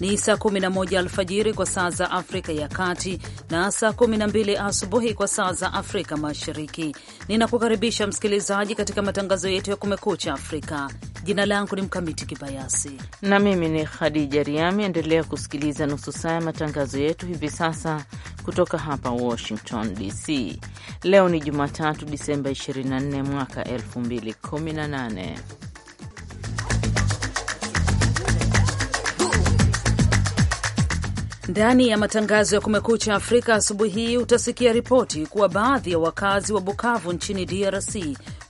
ni saa 11 alfajiri kwa saa za Afrika ya Kati na saa 12 asubuhi kwa saa za Afrika Mashariki. Ninakukaribisha msikilizaji katika matangazo yetu ya Kumekucha Afrika. Jina langu ni Mkamiti Kibayasi na mimi ni Khadija Riami. Endelea kusikiliza nusu saa ya matangazo yetu hivi sasa kutoka hapa Washington DC. Leo ni Jumatatu, Disemba 24 mwaka 2018. Ndani ya matangazo ya Kumekucha Afrika asubuhi hii utasikia ripoti kuwa baadhi ya wakazi wa Bukavu nchini DRC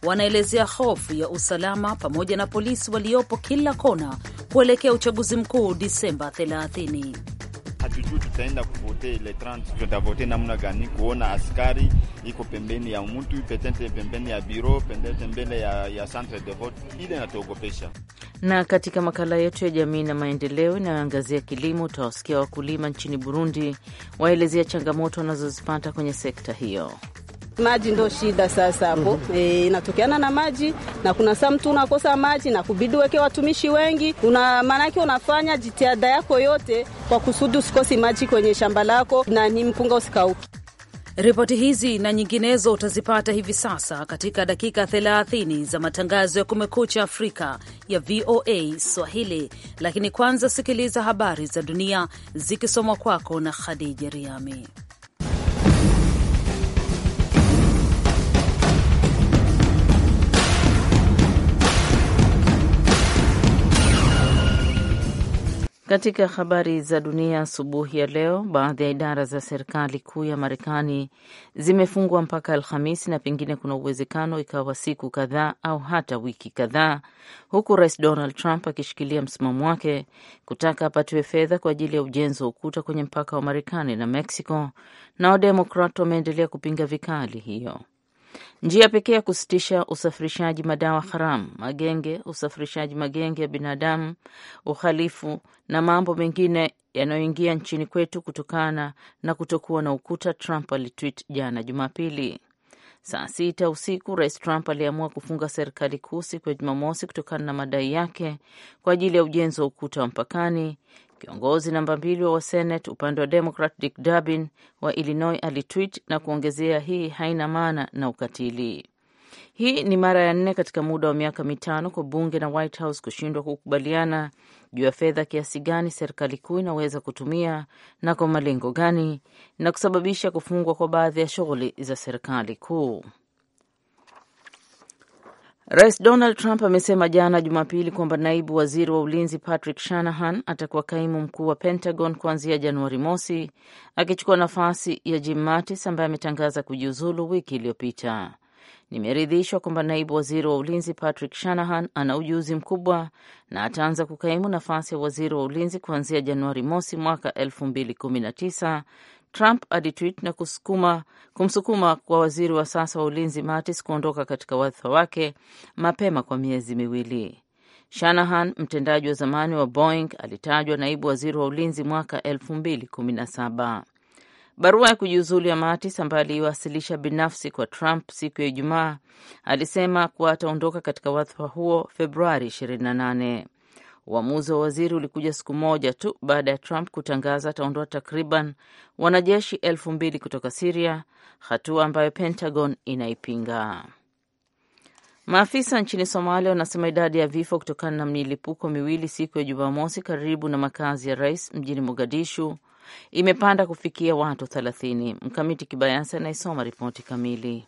wanaelezea hofu ya usalama pamoja na polisi waliopo kila kona kuelekea uchaguzi mkuu Disemba 30. Hatujui tutaenda kuvote le 30, tutavote namna gani? Kuona askari iko pembeni ya mtu, petete pembeni ya biro, petete ya, ya centre de vote, ile natuogopesha. Na katika makala yetu ya jamii na maendeleo inayoangazia kilimo, utawasikia wakulima nchini Burundi waelezea changamoto wanazozipata kwenye sekta hiyo. Maji ndo shida sasa hapo. mm -hmm. E, inatokeana na maji na kuna saa mtu unakosa maji na kubidi uweke watumishi wengi, una maanake unafanya jitihada yako yote kwa kusudi usikosi maji kwenye shamba lako na ni mpunga usikauki. Ripoti hizi na nyinginezo utazipata hivi sasa katika dakika 30 za matangazo ya Kumekucha Afrika ya VOA Swahili, lakini kwanza sikiliza habari za dunia zikisomwa kwako na Khadija Riami. Katika habari za dunia asubuhi ya leo, baadhi ya idara za serikali kuu ya Marekani zimefungwa mpaka Alhamisi na pengine kuna uwezekano ikawa siku kadhaa au hata wiki kadhaa, huku Rais Donald Trump akishikilia msimamo wake kutaka apatiwe fedha kwa ajili ya ujenzi wa ukuta kwenye mpaka wa Marekani na Mexico, na Wademokrat wameendelea kupinga vikali hiyo. Njia pekee ya kusitisha usafirishaji madawa haramu, magenge, usafirishaji magenge ya binadamu, uhalifu na mambo mengine yanayoingia nchini kwetu kutokana na kutokuwa na ukuta, Trump alitwit jana Jumapili. Saa sita usiku Rais Trump aliamua kufunga serikali kuu siku ya Jumamosi kutokana na madai yake kwa ajili ya ujenzi wa ukuta wa mpakani, Kiongozi namba mbili wa Senate upande wa Democrat Dick Durbin wa Illinois alitwit na kuongezea, hii haina maana na ukatili. Hii ni mara ya nne katika muda wa miaka mitano kwa bunge na White House kushindwa kukubaliana juu ya fedha kiasi gani serikali kuu inaweza kutumia na kwa malengo gani, na kusababisha kufungwa kwa baadhi ya shughuli za serikali kuu. Rais Donald Trump amesema jana Jumapili kwamba naibu waziri wa ulinzi Patrick Shanahan atakuwa kaimu mkuu wa Pentagon kuanzia Januari mosi, akichukua nafasi ya Jim Mattis ambaye ametangaza kujiuzulu wiki iliyopita. Nimeridhishwa kwamba naibu waziri wa ulinzi Patrick Shanahan ana ujuzi mkubwa na ataanza kukaimu nafasi ya waziri wa ulinzi kuanzia Januari mosi mwaka Trump alitwit na kusukuma, kumsukuma kwa waziri wa sasa wa ulinzi Mattis kuondoka katika wadhifa wake mapema kwa miezi miwili. Shanahan, mtendaji wa zamani wa Boeing, alitajwa naibu waziri wa ulinzi mwaka 217 Barua ya kujiuzulu ya Mattis ambayo aliiwasilisha binafsi kwa Trump siku ya Ijumaa alisema kuwa ataondoka katika wadhifa huo Februari 28. Uamuzi wa waziri ulikuja siku moja tu baada ya Trump kutangaza ataondoa takriban wanajeshi elfu mbili kutoka Siria, hatua ambayo Pentagon inaipinga. Maafisa nchini Somalia wanasema idadi ya vifo kutokana na milipuko miwili siku ya Jumamosi karibu na makazi ya rais mjini Mogadishu imepanda kufikia watu thelathini Mkamiti Kibayasi anaisoma ripoti kamili.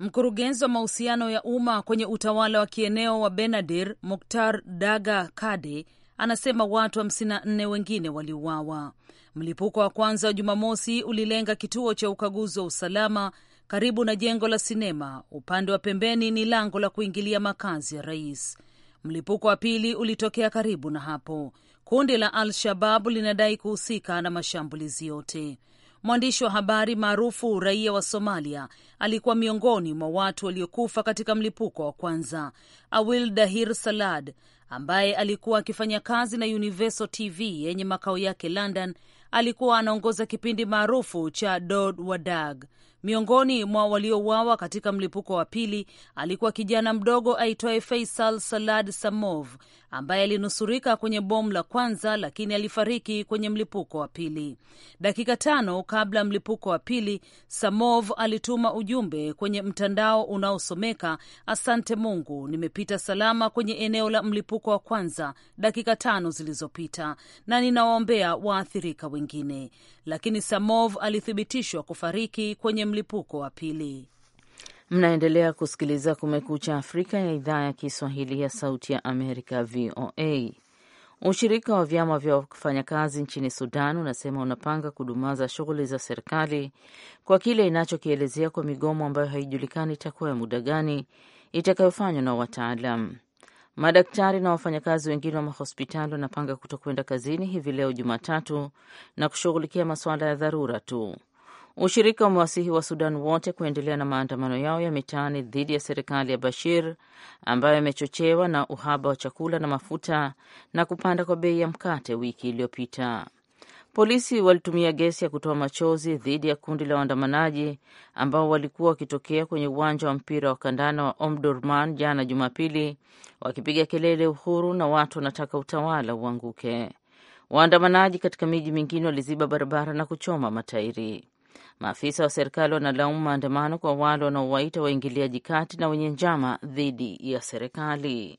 Mkurugenzi wa mahusiano ya umma kwenye utawala wa kieneo wa Benadir, Muktar Daga Kade, anasema watu 54 wengine waliuawa. Mlipuko wa kwanza wa Jumamosi ulilenga kituo cha ukaguzi wa usalama karibu na jengo la sinema, upande wa pembeni ni lango la kuingilia makazi ya rais. Mlipuko wa pili ulitokea karibu na hapo. Kundi la Al-Shababu linadai kuhusika na mashambulizi yote. Mwandishi wa habari maarufu raia wa Somalia alikuwa miongoni mwa watu waliokufa katika mlipuko wa kwanza. Awil Dahir Salad ambaye alikuwa akifanya kazi na Universal TV yenye makao yake London alikuwa anaongoza kipindi maarufu cha Dod Wadag. Miongoni mwa waliouawa katika mlipuko wa pili alikuwa kijana mdogo aitwaye Faisal Salad Samov ambaye alinusurika kwenye bomu la kwanza, lakini alifariki kwenye mlipuko wa pili. Dakika tano kabla mlipuko wa pili, Samov alituma ujumbe kwenye mtandao unaosomeka asante Mungu, nimepita salama kwenye eneo la mlipuko wa kwanza dakika tano zilizopita, na ninawaombea waathirika wengine. Lakini Samov alithibitishwa kufariki kwenye mlipuko wa pili. Mnaendelea kusikiliza Kumekucha Afrika ya idhaa ya Kiswahili ya Sauti ya Amerika, VOA. Ushirika wa vyama vya wafanyakazi nchini Sudan unasema unapanga kudumaza shughuli za serikali kwa kile inachokielezea kwa migomo ambayo haijulikani itakuwa ya muda gani itakayofanywa na wataalam. Madaktari na wafanyakazi wengine wa mahospitali wanapanga kutokwenda kazini hivi leo Jumatatu na kushughulikia masuala ya dharura tu. Ushirika umewasihi wa Sudan wote kuendelea na maandamano yao ya mitaani dhidi ya serikali ya Bashir ambayo yamechochewa na uhaba wa chakula na mafuta na kupanda kwa bei ya mkate wiki iliyopita. Polisi walitumia gesi ya kutoa machozi dhidi ya kundi la waandamanaji ambao walikuwa wakitokea kwenye uwanja wa mpira wa kandana wa Omdurman jana Jumapili, wakipiga kelele uhuru na watu wanataka utawala uanguke. Waandamanaji katika miji mingine waliziba barabara na kuchoma matairi. Maafisa wa serikali wanalaumu maandamano kwa wale wanaowaita waingiliaji kati na wenye njama dhidi ya serikali.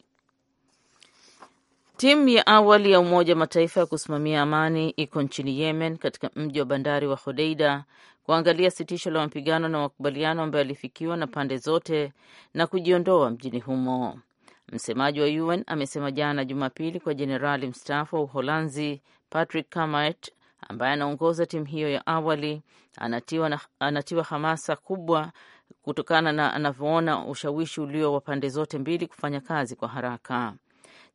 Timu ya awali ya Umoja wa Mataifa ya kusimamia amani iko nchini Yemen katika mji wa bandari wa Hodeida kuangalia sitisho la mapigano na makubaliano ambayo yalifikiwa na pande zote na kujiondoa mjini humo. Msemaji wa UN amesema jana Jumapili kwa jenerali mstaafu wa Uholanzi Patrick Cammaert ambaye anaongoza timu hiyo ya awali anatiwa, na, anatiwa hamasa kubwa kutokana na anavyoona ushawishi ulio wa pande zote mbili kufanya kazi kwa haraka.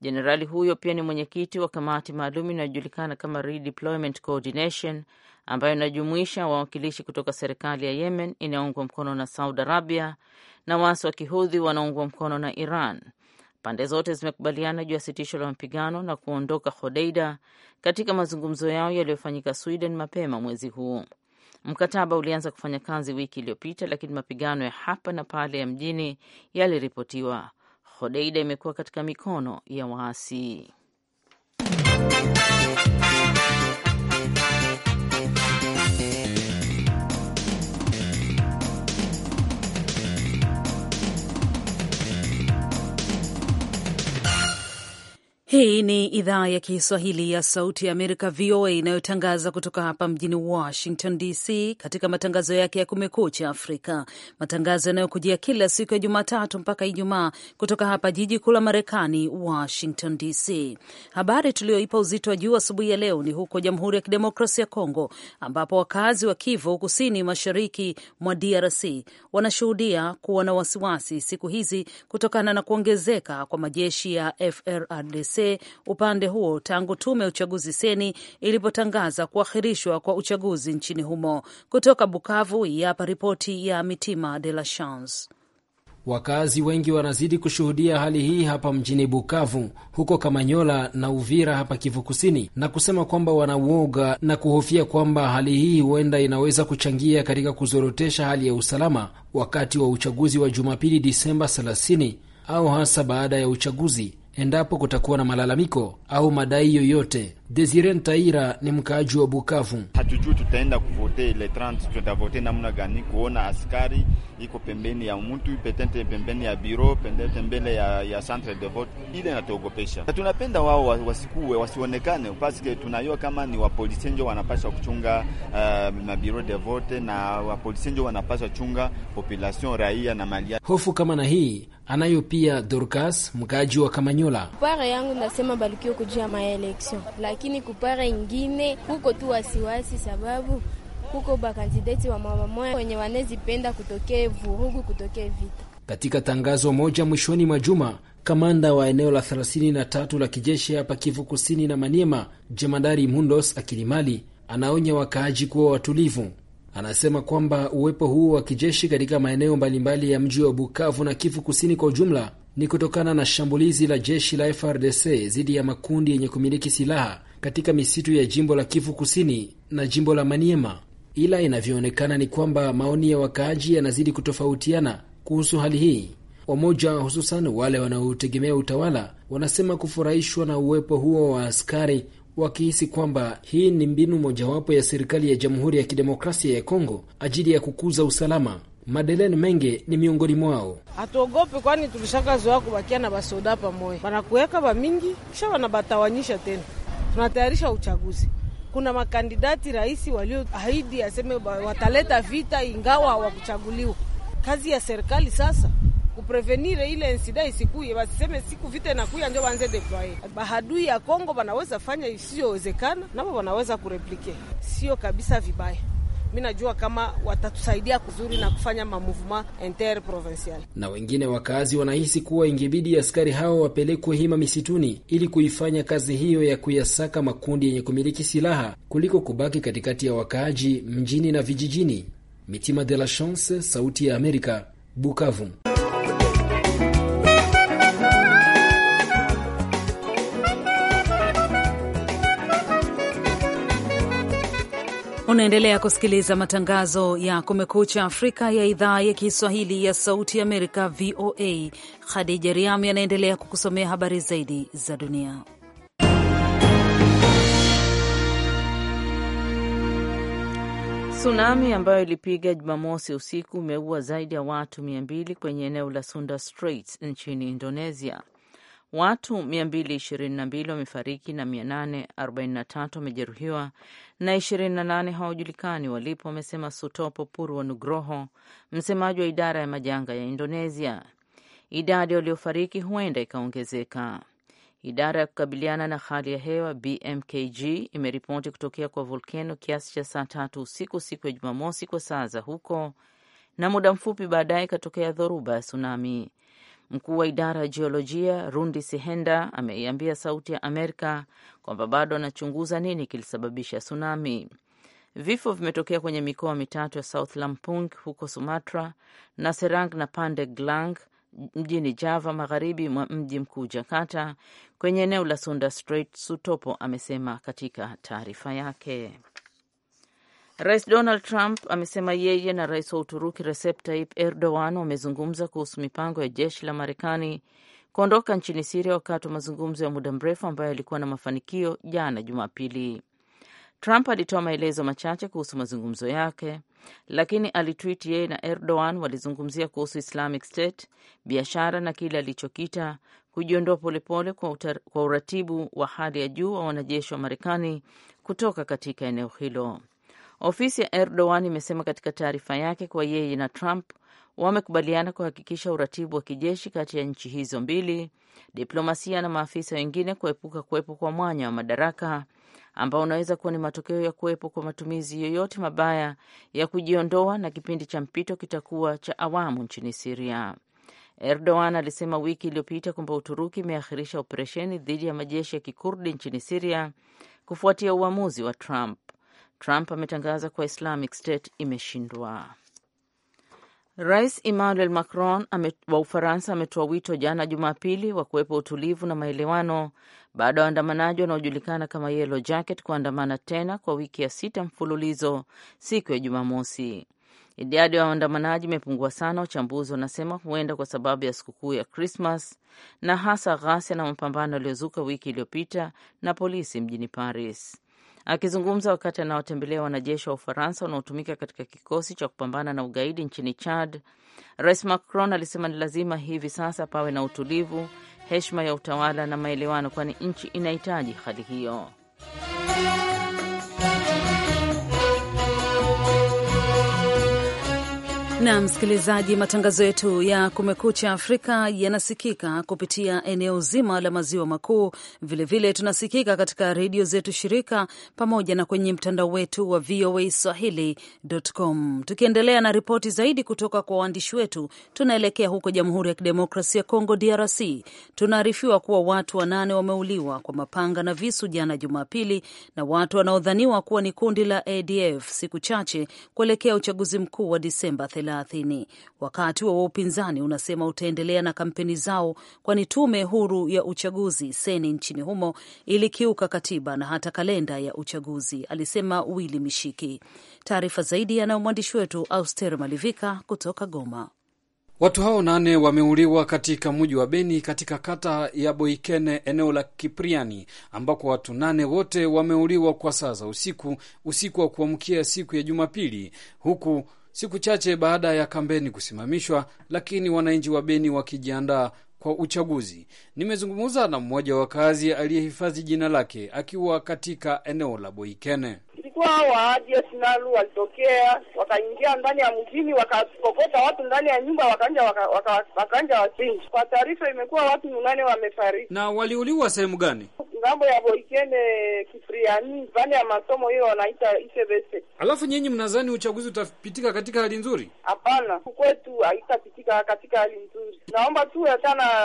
Jenerali huyo pia ni mwenyekiti wa kamati maalum inayojulikana kama Redeployment Coordination ambayo inajumuisha wawakilishi kutoka serikali ya Yemen inayoungwa mkono na Saudi Arabia na waasi wa Kihudhi wanaungwa mkono na Iran Pande zote zimekubaliana juu ya sitisho la mapigano na kuondoka Hodeida katika mazungumzo yao yaliyofanyika Sweden mapema mwezi huu. Mkataba ulianza kufanya kazi wiki iliyopita, lakini mapigano ya hapa na pale ya mjini yaliripotiwa. Hodeida imekuwa katika mikono ya waasi. Hii ni idhaa ya Kiswahili ya Sauti ya Amerika, VOA, inayotangaza kutoka hapa mjini Washington DC, katika matangazo yake ya Kumekucha Afrika, matangazo yanayokujia kila siku ya Jumatatu mpaka Ijumaa kutoka hapa jiji kuu la Marekani, Washington DC. Habari tuliyoipa uzito wa juu asubuhi ya leo ni huko Jamhuri ya Kidemokrasia ya Kongo, ambapo wakazi wa Kivu Kusini, mashariki mwa DRC, wanashuhudia kuwa na wasiwasi siku hizi kutokana na kuongezeka kwa majeshi ya FRDC upande, upande huo tangu tume ya uchaguzi seni ilipotangaza kuahirishwa kwa uchaguzi nchini humo. Kutoka Bukavu, yapa ripoti ya Mitima de la Chance. Wakazi wengi wanazidi kushuhudia hali hii hapa mjini Bukavu, huko Kamanyola na Uvira hapa Kivu Kusini, na kusema kwamba wanauoga na kuhofia kwamba hali hii huenda inaweza kuchangia katika kuzorotesha hali ya usalama wakati wa uchaguzi wa Jumapili Disemba 30 au hasa baada ya uchaguzi endapo kutakuwa na malalamiko au madai yoyote. Desire Ntaira ni mkaaji wa Bukavu. Hatujui tutaenda kuvote le 30 tutavote namna gani, kuona askari iko pembeni ya mtu petente, pembeni ya biro, mbele ya, ya centre de vote, ile natuogopesha. Tunapenda wao wasikuwe, wasionekane, paske tunajua kama ni wapolisi njo wanapasha kuchunga uh, mabiro de vote na wapolisi njo wanapasha chunga population raia na mali. Hofu kama na hii Anayo pia Dorcas, mkaaji wa Kamanyola. kupare yangu nasema balikio kujia maeleksio, lakini kupare ingine huko tu wasiwasi, sababu huko bakandideti wa mamamoya wenye wanezipenda kutokee vurugu, kutokee vita. Katika tangazo moja mwishoni mwa juma, kamanda wa eneo la 33 la kijeshi hapa Kivu Kusini na Maniema, jemadari Mundos Akilimali, anaonya wakaaji kuwa watulivu anasema kwamba uwepo huo wa kijeshi katika maeneo mbalimbali ya mji wa Bukavu na Kivu Kusini kwa ujumla ni kutokana na shambulizi la jeshi la FRDC dhidi ya makundi yenye kumiliki silaha katika misitu ya jimbo la Kivu Kusini na jimbo la Maniema. Ila inavyoonekana ni kwamba maoni ya wakaaji yanazidi kutofautiana kuhusu hali hii. Wamoja, hususan wale wanaotegemea utawala, wanasema kufurahishwa na uwepo huo wa askari wakihisi kwamba hii ni mbinu mojawapo ya serikali ya Jamhuri ya Kidemokrasia ya Kongo ajili ya kukuza usalama. Madeleine Menge ni miongoni mwao. Hatuogope, kwani tulishakazoea kubakia na basoda pamoya, wanakuweka bamingi kisha wanabatawanyisha tena. Tunatayarisha uchaguzi, kuna makandidati rais walioahidi aseme wataleta vita, ingawa hawakuchaguliwa. Kazi ya serikali sasa kuprevenire ile insida isikuye, basiseme siku vita inakuya njo wanze deploye. Bahadui ya Kongo banaweza fanya isiyowezekana, nabo wanaweza kureplike, sio kabisa vibaya. Mi najua kama watatusaidia kuzuri na kufanya mamuvuma interprovincial. Na wengine wakazi wanahisi kuwa ingebidi askari hao wapelekwe hima misituni ili kuifanya kazi hiyo ya kuyasaka makundi yenye kumiliki silaha kuliko kubaki katikati ya wakaaji mjini na vijijini. Mitima de la Chance, Sauti ya Amerika, Bukavu. Unaendelea kusikiliza matangazo ya Kumekucha Afrika ya idhaa ya Kiswahili ya Sauti Amerika, VOA. Khadija Riami anaendelea kukusomea habari zaidi za dunia. Tsunami ambayo ilipiga Jumamosi usiku imeua zaidi ya watu mia mbili kwenye eneo la Sunda Straits nchini Indonesia Watu 222 wamefariki na 843 wamejeruhiwa na 28 hawajulikani walipo, wamesema Sutopo Purwo Nugroho, msemaji wa idara ya majanga ya Indonesia. Idadi waliofariki huenda ikaongezeka. Idara ya kukabiliana na hali ya hewa BMKG imeripoti kutokea kwa volkeno kiasi cha saa tatu usiku siku ya Jumamosi kwa saa za huko, na muda mfupi baadaye ikatokea dhoruba ya tsunami. Mkuu wa idara ya jiolojia Rundi Sihenda ameiambia Sauti ya Amerika kwamba bado anachunguza nini kilisababisha tsunami. Vifo vimetokea kwenye mikoa mitatu ya South Lampung huko Sumatra na Serang na Pandeglang mjini Java, magharibi mwa mji mkuu Jakarta, kwenye eneo la Sunda Strait. Sutopo amesema katika taarifa yake. Rais Donald Trump amesema yeye na rais wa Uturuki Recep Tayyip Erdogan wamezungumza kuhusu mipango ya jeshi la Marekani kuondoka nchini Siria wakati wa mazungumzo ya muda mrefu ambayo yalikuwa na mafanikio jana Jumapili. Trump alitoa maelezo machache kuhusu mazungumzo yake, lakini alitwit yeye na Erdogan walizungumzia kuhusu Islamic State, biashara na kile alichokita kujiondoa polepole kwa, kwa uratibu wa hali ya juu wa wanajeshi wa Marekani kutoka katika eneo hilo. Ofisi ya Erdogan imesema katika taarifa yake kuwa yeye na Trump wamekubaliana kuhakikisha uratibu wa kijeshi kati ya nchi hizo mbili, diplomasia na maafisa wengine, kuepuka kuwepo kwa mwanya wa madaraka ambao unaweza kuwa ni matokeo ya kuwepo kwa matumizi yoyote mabaya ya kujiondoa, na kipindi cha mpito kitakuwa cha awamu nchini Siria. Erdogan alisema wiki iliyopita kwamba Uturuki imeahirisha operesheni dhidi ya majeshi ya kikurdi nchini Siria kufuatia uamuzi wa Trump. Trump ametangaza kuwa Islamic State imeshindwa. Rais Emmanuel Macron wa Ufaransa ametoa wito jana Jumapili wa kuwepo utulivu na maelewano baada ya waandamanaji wanaojulikana kama Yellow Jacket kuandamana tena kwa wiki ya sita mfululizo siku ya Jumamosi. Idadi ya waandamanaji imepungua sana, wachambuzi wanasema huenda kwa sababu ya sikukuu ya Krismas na hasa ghasia na mapambano yaliyozuka wiki iliyopita na polisi mjini Paris. Akizungumza wakati anaotembelea wanajeshi wa Ufaransa wanaotumika katika kikosi cha kupambana na ugaidi nchini Chad, Rais Macron alisema ni lazima hivi sasa pawe na utulivu, heshima ya utawala na maelewano, kwani nchi inahitaji hali hiyo. na msikilizaji, matangazo yetu ya Kumekucha Afrika yanasikika kupitia eneo zima la maziwa makuu. Vilevile tunasikika katika redio zetu shirika pamoja na kwenye mtandao wetu wa VOA Swahili.com. Tukiendelea na ripoti zaidi kutoka kwa waandishi wetu, tunaelekea huko Jamhuri ya Kidemokrasia ya Kongo, DRC. Tunaarifiwa kuwa watu wanane wameuliwa kwa mapanga na visu jana Jumapili na watu wanaodhaniwa kuwa ni kundi la ADF siku chache kuelekea uchaguzi mkuu wa Disemba thelathini. Wakati wa upinzani unasema utaendelea na kampeni zao, kwani tume huru ya uchaguzi seni nchini humo ilikiuka katiba na hata kalenda ya uchaguzi, alisema wili Mishiki. Taarifa zaidi yanayo mwandishi wetu Auster Malivika kutoka Goma. Watu hao nane wameuliwa katika mji wa Beni katika kata ya Boikene eneo la Kipriani ambako watu nane wote wameuliwa kwa saa za usiku usiku wa kuamkia siku ya Jumapili huku siku chache baada ya kampeni kusimamishwa, lakini wananchi wa Beni wakijiandaa kwa uchaguzi. Nimezungumza na mmoja wa kazi aliyehifadhi jina lake akiwa katika eneo la Boikene. Ilikuwa waadieinalu walitokea wakaingia ndani ya mjini wakakokota watu ndani ya nyumba wakanja waka, waka, wasinji. Kwa taarifa imekuwa watu nunane wamefariki. Na waliuliwa sehemu gani? Ngambo ya Boikene Kifriani, ndani ya masomo hiyo wanaita Isebese. Alafu nyinyi mnadhani uchaguzi utapitika katika hali nzuri? Hapana, kwetu haitapitika katika hali nzuri. Naomba tu tena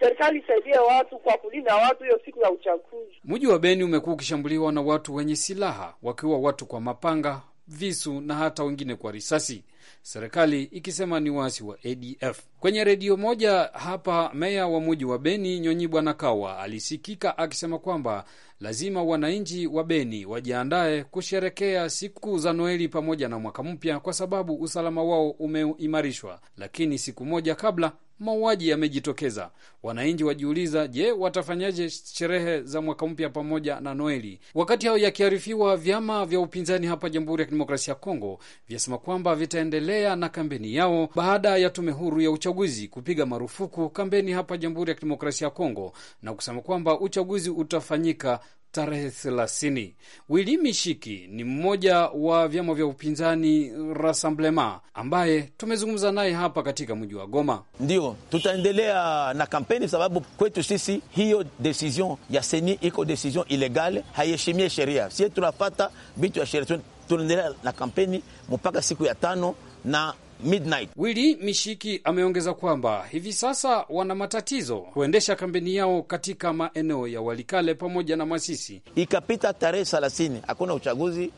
serikali isaidie watu kwa kulinda watu hiyo siku ya uchaguzi. Mji wa Beni umekuwa ukishambuliwa na watu wenye silaha, wakiwa watu kwa mapanga, visu na hata wengine kwa risasi, serikali ikisema ni waasi wa ADF. Kwenye redio moja hapa, meya wa mji wa Beni Nyonyi Bwana Kawa alisikika akisema kwamba lazima wananchi wa Beni wajiandaye kusherekea siku za Noeli pamoja na mwaka mpya, kwa sababu usalama wao umeimarishwa, lakini siku moja kabla mauaji yamejitokeza. Wananchi wajiuliza, je, watafanyaje sherehe za mwaka mpya pamoja na Noeli? Wakati hao yakiarifiwa, vyama vya upinzani hapa Jamhuri ya Kidemokrasia ya Kongo vyasema kwamba vitaendelea na kampeni yao baada ya tume huru ya uchaguzi kupiga marufuku kampeni hapa Jamhuri ya Kidemokrasia ya Kongo na kusema kwamba uchaguzi utafanyika tarehe 30. Wili Mishiki ni mmoja wa vyama vya upinzani Rassemblement ambaye tumezungumza naye hapa katika mji wa Goma. Ndio tutaendelea na kampeni, sababu kwetu sisi hiyo decision ya seni iko decision ilegale, haiheshimie sheria. Sie tunafata vitu ya sheria. Tunaendelea na kampeni mpaka siku ya tano na midnight. Willy Mishiki ameongeza kwamba hivi sasa wana matatizo kuendesha kampeni yao katika maeneo ya Walikale pamoja na Masisi. Ikapita tarehe 30 hakuna uchaguzi,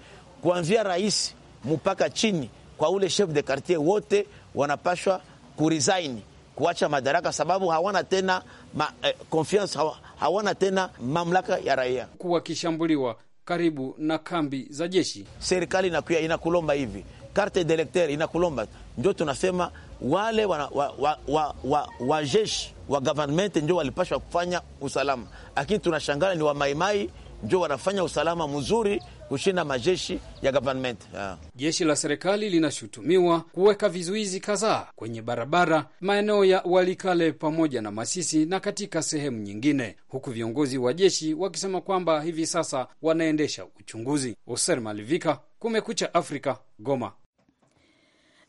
kuanzia rais mpaka chini kwa ule chef de quartier wote wanapashwa kurisaini kuacha madaraka sababu hawana tena ma, eh, confiance hawana tena mamlaka ya raia. Kuwa kishambuliwa karibu na kambi za jeshi, serikali inakuya inakulomba hivi karte d'électeur inakulomba, ndio tunasema wale wa, wa, wa, wa, wa, wa wa government ndio walipashwa kufanya usalama, lakini tunashangala ni wamaimai ndio wanafanya usalama mzuri kushinda majeshi ya government. Yeah. Jeshi la serikali linashutumiwa kuweka vizuizi kadhaa kwenye barabara maeneo ya Walikale pamoja na Masisi na katika sehemu nyingine, huku viongozi wa jeshi wakisema kwamba hivi sasa wanaendesha uchunguzi. Oser Malivika, Kumekucha Afrika, Goma.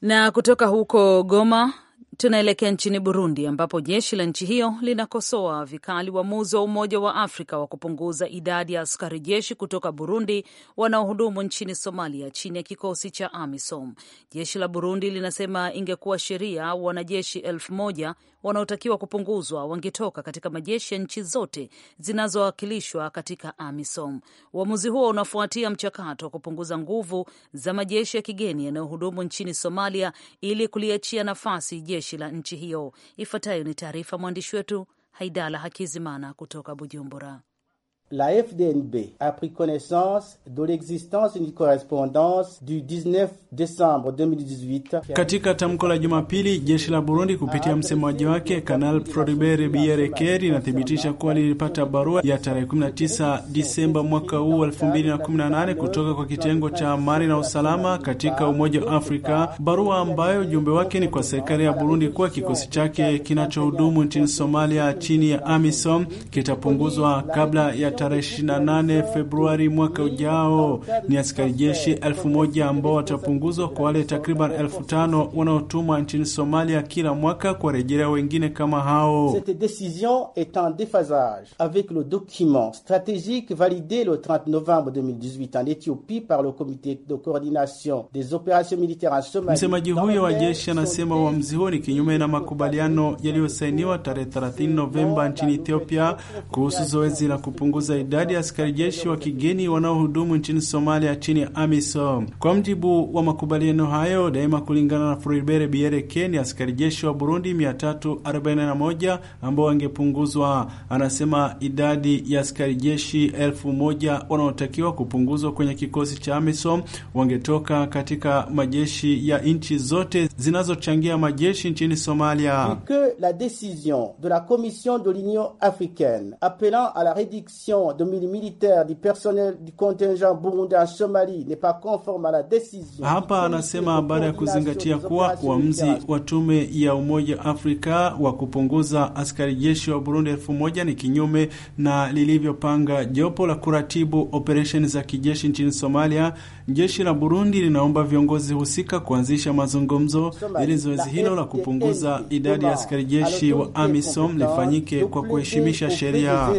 Na kutoka huko Goma tunaelekea nchini Burundi ambapo jeshi la nchi hiyo linakosoa vikali uamuzi wa Umoja wa Afrika wa kupunguza idadi ya askari jeshi kutoka Burundi wanaohudumu nchini Somalia chini ya kikosi cha AMISOM. Jeshi la Burundi linasema ingekuwa sheria, wanajeshi elfu moja wanaotakiwa kupunguzwa wangetoka katika majeshi ya nchi zote zinazowakilishwa katika AMISOM. Uamuzi huo unafuatia mchakato wa kupunguza nguvu za majeshi ya kigeni yanayohudumu nchini Somalia ili kuliachia nafasi jeshi la nchi hiyo. Ifuatayo ni taarifa mwandishi wetu Haidala Hakizimana kutoka Bujumbura la FDNB a pris connaissance de l'existence d'une correspondance du 19 décembre 2018. Katika tamko la Jumapili, jeshi la Burundi kupitia msemaji wake Kanal Floribert Bierekeri linathibitisha kuwa lilipata barua ya tarehe 19 Disemba mwaka huu 2018 kutoka kwa kitengo cha amani na usalama katika Umoja wa Afrika, barua ambayo ujumbe wake ni kwa serikali ya Burundi kuwa kikosi chake kinachohudumu nchini Somalia chini ya AMISOM kitapunguzwa kabla ya tarehe 28 Februari mwaka ujao ni askari jeshi elfu moja ambao watapunguzwa kwa wale takriban elfu tano wanaotumwa nchini Somalia kila mwaka kwa kuwarejelea wengine kama hao. Cette décision est en déphasage avec le document stratégique validé le 30 novembre 2018 en Ethiopie par le comité de coordination des opérations militaires en Msemaji huyo wa jeshi anasema uamuzi huo ni kinyume na makubaliano yaliyosainiwa tarehe 30 Novemba nchini Ethiopia kuhusu zoezi la kupunguza kupunguza idadi ya askari jeshi wa kigeni wanaohudumu nchini Somalia chini ya AMISOM. Kwa mjibu wa makubaliano hayo daima, kulingana na Furibere Biereke, ni askari jeshi wa Burundi 341 ambao wangepunguzwa. Anasema idadi ya askari jeshi elfu moja wanaotakiwa kupunguzwa kwenye kikosi cha AMISOM wangetoka katika majeshi ya nchi zote zinazochangia majeshi nchini Somalia. que la décision de la Commission de l'Union africaine appelant à la réduction déploiement de militaires du personnel du contingent Burundi en Somalie n'est pas conforme à la décision. Hapa anasema baada ya kuzingatia kuwa uamuzi wa tume ya Umoja Afrika wa kupunguza askari jeshi wa Burundi elfu moja ni kinyume na lilivyopanga jopo la kuratibu operesheni za kijeshi nchini Somalia. Jeshi la Burundi linaomba viongozi husika kuanzisha mazungumzo ili zoezi hilo la kupunguza idadi ya askari jeshi wa AMISOM lifanyike kwa kuheshimisha sheria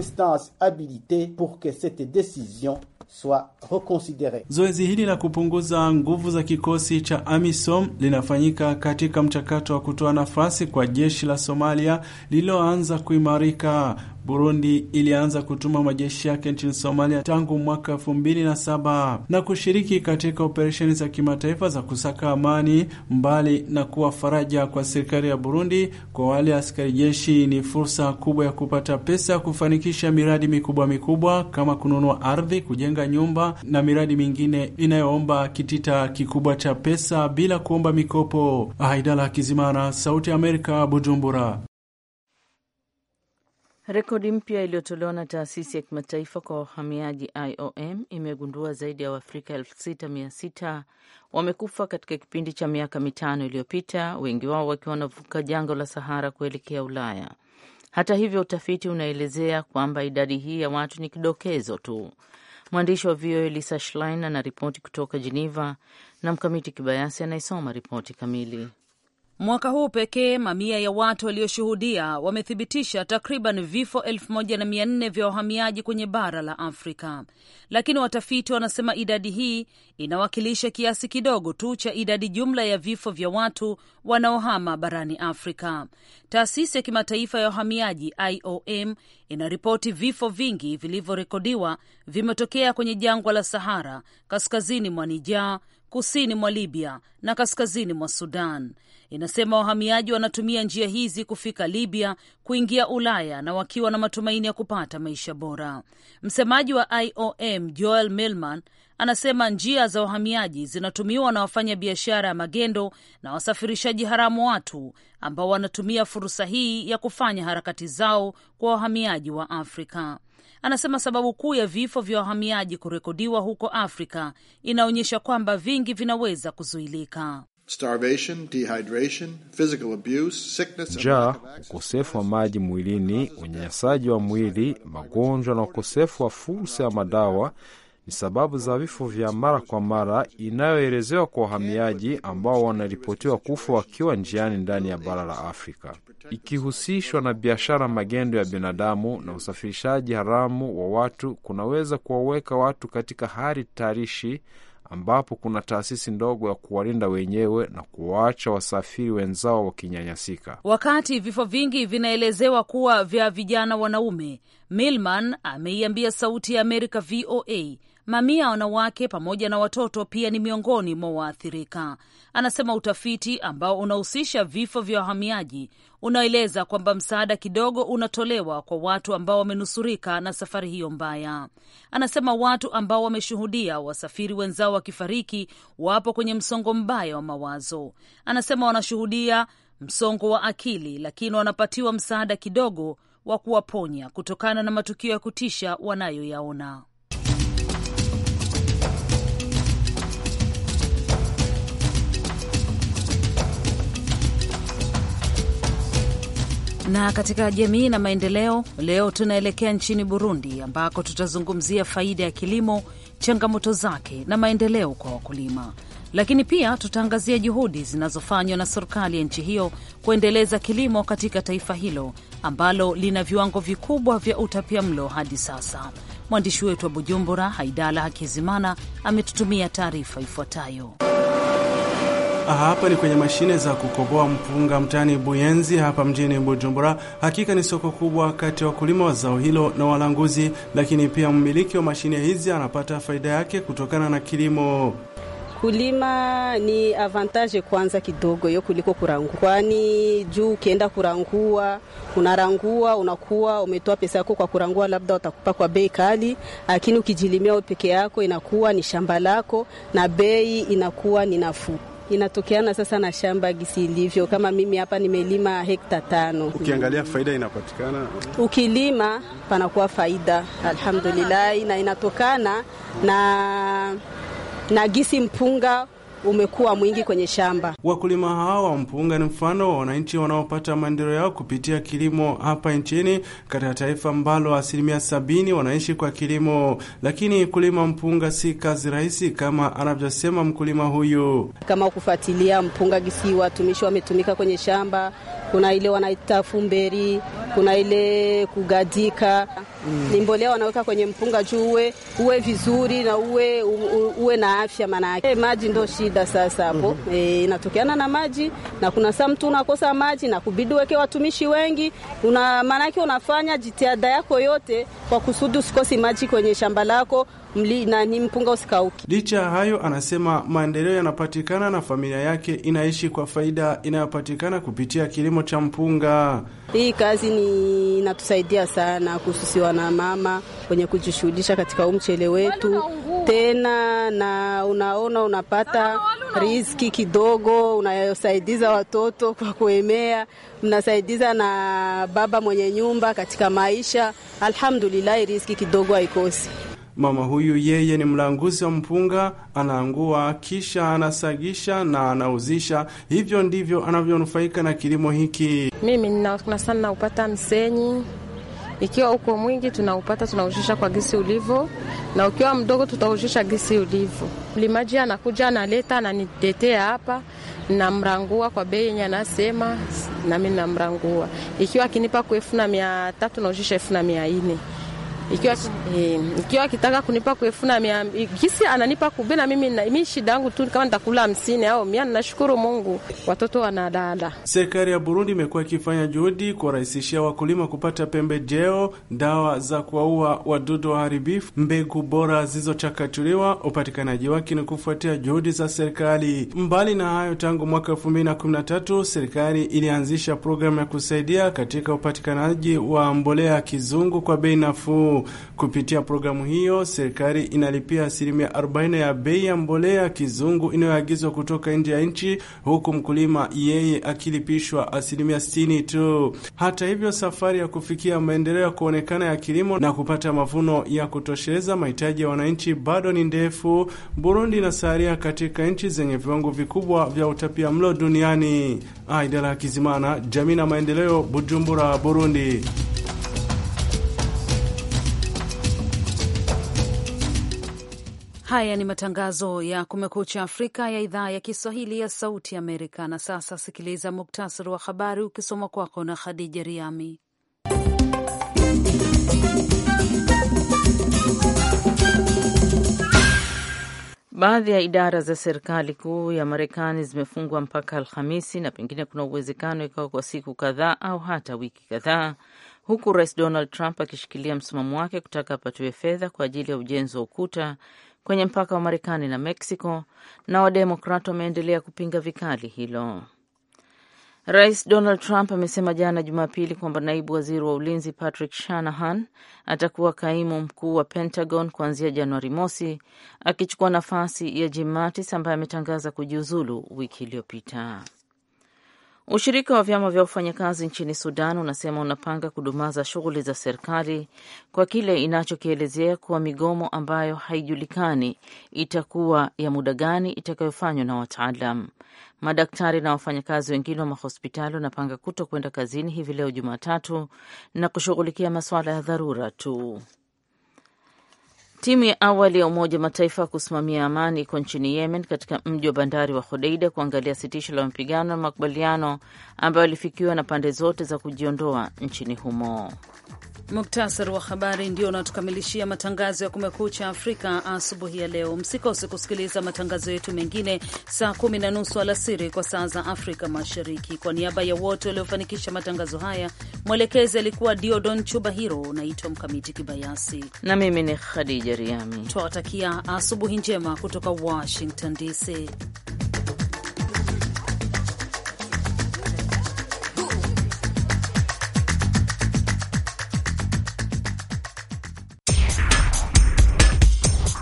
cité pour que cette décision soit reconsidérée. Zoezi hili la kupunguza nguvu za kikosi cha AMISOM linafanyika katika mchakato wa kutoa nafasi kwa jeshi la Somalia lililoanza kuimarika. Burundi ilianza kutuma majeshi yake nchini Somalia tangu mwaka elfu mbili na saba na kushiriki katika operesheni za kimataifa za kusaka amani, mbali na kuwa faraja kwa serikali ya Burundi. Kwa wale askari jeshi ni fursa kubwa ya kupata pesa ya kufanikisha miradi mikubwa mikubwa kama kununua ardhi, kujenga nyumba na miradi mingine inayoomba kitita kikubwa cha pesa bila kuomba mikopo. Haidala Kizimana, Sauti ya Amerika, Bujumbura. Rekodi mpya iliyotolewa na taasisi ya kimataifa kwa wahamiaji IOM imegundua zaidi ya Waafrika 6600 wamekufa katika kipindi cha miaka mitano iliyopita, wengi wao wakiwa wanavuka jangwa la Sahara kuelekea Ulaya. Hata hivyo, utafiti unaelezea kwamba idadi hii ya watu ni kidokezo tu. Mwandishi wa VOA Lisa Schlein anaripoti kutoka jeneva na Mkamiti Kibayasi anayesoma ripoti kamili. Mwaka huu pekee mamia ya watu walioshuhudia wamethibitisha takriban vifo 1400 vya wahamiaji kwenye bara la Afrika, lakini watafiti wanasema idadi hii inawakilisha kiasi kidogo tu cha idadi jumla ya vifo vya watu wanaohama barani Afrika. Taasisi ya kimataifa ya wahamiaji IOM inaripoti vifo vingi vilivyorekodiwa vimetokea kwenye jangwa la Sahara, kaskazini mwa Nijaa, kusini mwa Libya na kaskazini mwa Sudan. Inasema wahamiaji wanatumia njia hizi kufika Libya, kuingia Ulaya na wakiwa na matumaini ya kupata maisha bora. Msemaji wa IOM Joel Milman anasema njia za wahamiaji zinatumiwa na wafanya biashara ya magendo na wasafirishaji haramu watu ambao wanatumia fursa hii ya kufanya harakati zao kwa wahamiaji wa Afrika. Anasema sababu kuu ya vifo vya wahamiaji kurekodiwa huko Afrika inaonyesha kwamba vingi vinaweza kuzuilika: njaa, ukosefu wa maji mwilini, unyanyasaji wa mwili, magonjwa na ukosefu wa fursa ya madawa ni sababu za vifo vya mara kwa mara inayoelezewa kwa wahamiaji ambao wanaripotiwa kufa wakiwa njiani ndani ya bara la Afrika, ikihusishwa na biashara magendo ya binadamu na usafirishaji haramu wa watu, kunaweza kuwaweka watu katika hali tarishi ambapo kuna taasisi ndogo ya kuwalinda wenyewe na kuwaacha wasafiri wenzao wakinyanyasika. Wakati vifo vingi vinaelezewa kuwa vya vijana wanaume, Milman ameiambia Sauti ya Amerika VOA Mamia ya wanawake pamoja na watoto pia ni miongoni mwa waathirika. Anasema utafiti ambao unahusisha vifo vya wahamiaji unaeleza kwamba msaada kidogo unatolewa kwa watu ambao wamenusurika na safari hiyo mbaya. Anasema watu ambao wameshuhudia wasafiri wenzao wakifariki wapo kwenye msongo mbaya wa mawazo. Anasema wanashuhudia msongo wa akili, lakini wanapatiwa msaada kidogo wa kuwaponya kutokana na matukio ya kutisha wanayoyaona. Na katika jamii na maendeleo, leo tunaelekea nchini Burundi ambako tutazungumzia faida ya kilimo, changamoto zake na maendeleo kwa wakulima, lakini pia tutaangazia juhudi zinazofanywa na serikali ya nchi hiyo kuendeleza kilimo katika taifa hilo ambalo lina viwango vikubwa vya utapiamlo hadi sasa. Mwandishi wetu wa Bujumbura, Haidala Hakizimana, ametutumia taarifa ifuatayo. Hapa ni kwenye mashine za kukoboa mpunga mtaani Buyenzi hapa mjini Bujumbura. Hakika ni soko kubwa kati ya wakulima wa zao hilo na walanguzi, lakini pia mmiliki wa mashine hizi anapata faida yake kutokana na kilimo. Kulima ni avantage kwanza kidogo yo kuliko kurangua, kwani juu ukienda kurangua, unarangua unakuwa umetoa pesa yako kwa kurangua, labda watakupa kwa bei kali, lakini ukijilimia peke yako inakuwa ni shamba lako na bei inakuwa ni nafuu inatokeana sasa na shamba gisi ilivyo. Kama mimi hapa nimelima hekta tano, ukiangalia faida inapatikana, ukilima panakuwa faida, alhamdulilahi na inatokana na na gisi mpunga umekuwa mwingi kwenye shamba. Wakulima hawa wa mpunga ni mfano wa wananchi wanaopata maendeleo yao kupitia kilimo hapa nchini, katika taifa ambalo asilimia sabini wanaishi kwa kilimo. Lakini kulima mpunga si kazi rahisi kama anavyosema mkulima huyu. Kama kufuatilia mpunga gisi watumishi wametumika kwenye shamba, kuna ile wanaita fumberi, kuna ile kugadika mm. Ni mbolea wanaweka kwenye mpunga juu uwe, uwe vizuri na uwe, uwe na afya manake. E, eh, maji ndo shida sasa hapo mm -hmm. E, inatokeana na maji na kuna saa mtu unakosa maji na kubidi weke watumishi wengi una, manake unafanya jitihada yako yote kwa kusudi usikosi maji kwenye shamba lako mli, nani mpunga usikauki. Licha ya hayo, anasema maendeleo yanapatikana na familia yake inaishi kwa faida inayopatikana kupitia kilimo cha mpunga. Hii kazi ni inatusaidia sana kuhususi wana mama kwenye kujishughulisha katika umchele wetu, tena na unaona unapata riziki kidogo unayosaidiza watoto kwa kuemea, mnasaidiza na baba mwenye nyumba katika maisha. Alhamdulillahi, riziki kidogo haikosi. Mama huyu yeye ni mlanguzi wa mpunga, anaangua kisha anasagisha na anauzisha. Hivyo ndivyo anavyonufaika na kilimo hiki. Mimi nina sana naupata msenyi, ikiwa uko mwingi tunaupata, tunaushisha kwa gisi ulivo, na ukiwa mdogo tutaushisha gisi ulivo. Mlimaji anakuja analeta, ananitetea hapa, namrangua kwa bei yenye anasema, nami namrangua. Ikiwa akinipa kwa elfu na mia tatu naushisha elfu na mia nne ikiwa, e, ikiwa akitaka kunipa kuefuna mia kisi ananipa kube na mimi mimi shida yangu tu kama nitakula hamsini au mia. Nashukuru Mungu watoto wanadada. Serikali ya Burundi imekuwa ikifanya juhudi kuwarahisishia wakulima kupata pembejeo, dawa za kuwaua wadudu waharibifu, mbegu bora zilizochakachuliwa. Upatikanaji wake ni kufuatia juhudi za serikali. Mbali na hayo, tangu mwaka elfu mbili na kumi na tatu serikali ilianzisha programu ya kusaidia katika upatikanaji wa mbolea ya kizungu kwa bei nafuu huu. Kupitia programu hiyo, serikali inalipia asilimia 40 ya bei ya mbolea kizungu inayoagizwa kutoka nje ya nchi, huku mkulima yeye akilipishwa asilimia 60 tu. Hata hivyo, safari ya kufikia maendeleo ya kuonekana ya kilimo na kupata mavuno ya kutosheleza mahitaji ya wananchi bado ni ndefu. Burundi inasalia katika nchi zenye viwango vikubwa vya utapia mlo duniani. Aidala Kizimana, jamii na maendeleo, Bujumbura, Burundi. Haya ni matangazo ya Kumekucha Afrika ya idhaa ya Kiswahili ya Sauti Amerika. Na sasa sikiliza muktasari wa habari ukisoma kwako na Khadija Riami. Baadhi ya idara za serikali kuu ya Marekani zimefungwa mpaka Alhamisi na pengine kuna uwezekano ikawa kwa siku kadhaa au hata wiki kadhaa, huku Rais Donald Trump akishikilia msimamo wake kutaka apatiwe fedha kwa ajili ya ujenzi wa ukuta kwenye mpaka wa Marekani na Mexico, na Wademokrat wameendelea kupinga vikali hilo. Rais Donald Trump amesema jana Jumapili kwamba naibu waziri wa ulinzi Patrick Shanahan atakuwa kaimu mkuu wa Pentagon kuanzia Januari mosi, akichukua nafasi ya Jim Mattis ambaye ametangaza kujiuzulu wiki iliyopita. Ushirika wa vyama vya wafanyakazi nchini Sudan unasema unapanga kudumaza shughuli za serikali kwa kile inachokielezea kuwa migomo ambayo haijulikani itakuwa ya muda gani itakayofanywa na wataalam. Madaktari na wafanyakazi wengine wa mahospitali wanapanga kuto kwenda kazini hivi leo Jumatatu na kushughulikia masuala ya dharura tu. Timu ya awali ya Umoja wa Mataifa ya kusimamia amani iko nchini Yemen katika mji wa bandari wa Hodeida kuangalia sitisho la mapigano na makubaliano ambayo alifikiwa na pande zote za kujiondoa nchini humo. Muktasari wa habari ndio unatukamilishia matangazo ya Kumekucha Afrika asubuhi ya leo. Msikose kusikiliza matangazo yetu mengine saa kumi na nusu alasiri kwa saa za Afrika Mashariki. Kwa niaba ya wote waliofanikisha matangazo haya, mwelekezi alikuwa Diodon Chubahiro. Unaitwa Mkamiti Kibayasi na mimi ni Khadija Khadija Twawatakia asubuhi njema kutoka Washington DC.